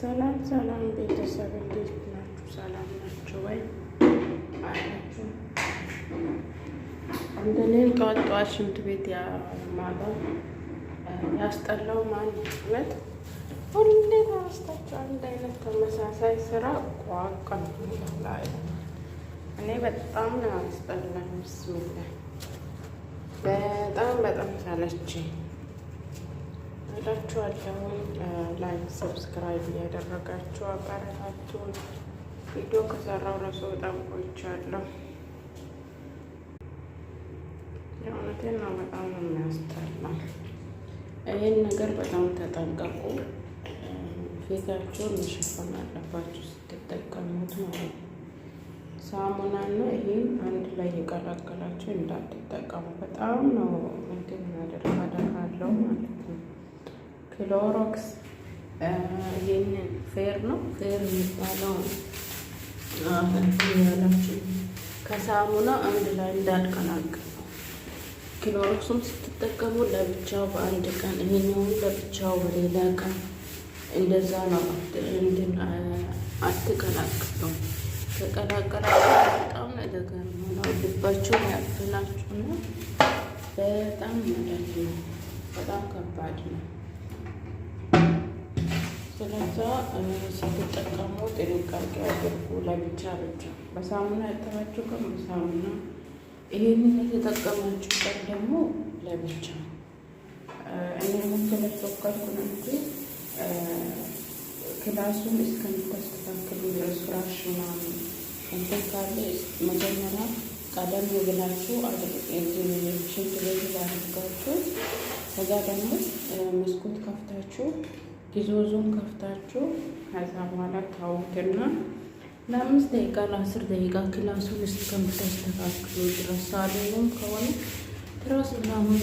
ሰላም ሰላም ቤተሰብ እንዴት ናችሁ? ሰላም ናችሁ ወይ አላችሁ? እንደኔም ጠዋት ጠዋት ሽንት ቤት ያማለው ያስጠላው ማንነት ሁሌ ተመስታችሁ አንድ አይነት ተመሳሳይ ስራ ቋቀን ላይ እኔ በጣም ነው ያስጠላኝ። ብስሚላ በጣም በጣም ሳለችኝ እላችኋለሁ። ላይክ ሰብስክራይብ እያደረጋችሁ አበረታቱን። ቪዲዮ ከሰራው ራሱ በጣም ቆይቻለሁ። የእውነቴን ነው፣ በጣም ነው ይህን ነገር በጣም ተጠንቀቁ። ፊታችሁን መሸፈን አለባችሁ ስትጠቀሙት ማለት ነው። ሳሙና እና ይህም አንድ ላይ የቀላቀላችሁ እንዳትጠቀሙ። በጣም ነው እንትን ማለት ነው። ክሎሮክስ ይህንን ፌር ነው ፌር የሚባለው ያላችሁ ከሳሙና አንድ ላይ እንዳልቀላቅል ክሎሮክሱም ስትጠቀሙ ለብቻው በአንድ ቀን፣ ይህኛውን ለብቻው በሌላ ቀን እንደዛ ነው። አትቀላቅሉ። ተቀላቀላችሁ በጣም ነገር ነው። ልባችሁን ያፍናችሁና በጣም ማለት ነው። በጣም ከባድ ነው። ከዛ ስትጠቀሙ ጥንቃቄ አድርጉ። ለብቻ ብቻ በሳሙና ያጠባችሁ ቀን በሳሙና ይህንን የተጠቀማችሁ ቀን ደግሞ ለብቻ እኔ የምትለተወከልኩ ነው እንጂ ክላሱን እስከምታስተካክሉ ድረስ ፍራሽ ምናምን እንትን ካለ መጀመሪያ ቀለም ብላችሁ ሽንት ቤት አድርጋችሁ ከዛ ደግሞ መስኮት ከፍታችሁ ጊዞዞን ከፍታችሁ ከዛ በኋላ ታውትና ለአምስት ደቂቃ ለአስር ደቂቃ ክላሱን እስከምታስተካክሉ ድረስ ሳሎኑም ከሆነ ትራስ ምናምን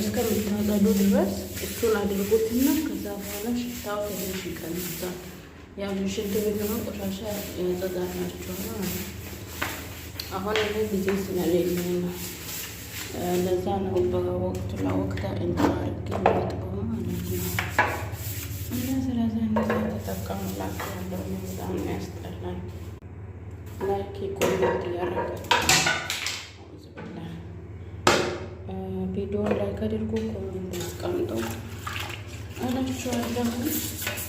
እስከምታጸዱ ድረስ እሱን አድርጉትና ከዛ በኋላ ሽታው ትንሽ ይቀንሳል። ያም ሽንት ቤት ነው ቆሻሻ ያጸዳላችኋል አሁን እኔ ጊዜ ስለሌለ ነው። ለዛ ነው በወቅቱ ለወቅት እንትን አድርጌ ማለት ነው። እላችኋለሁ። በጣም ነው ያስጠላል። ላይክ ኮሜንት እያደረጋችሁ ቪዲዮን ላይክ አድርጉ፣ ኮሜንት አስቀምጡ እላችኋለሁ።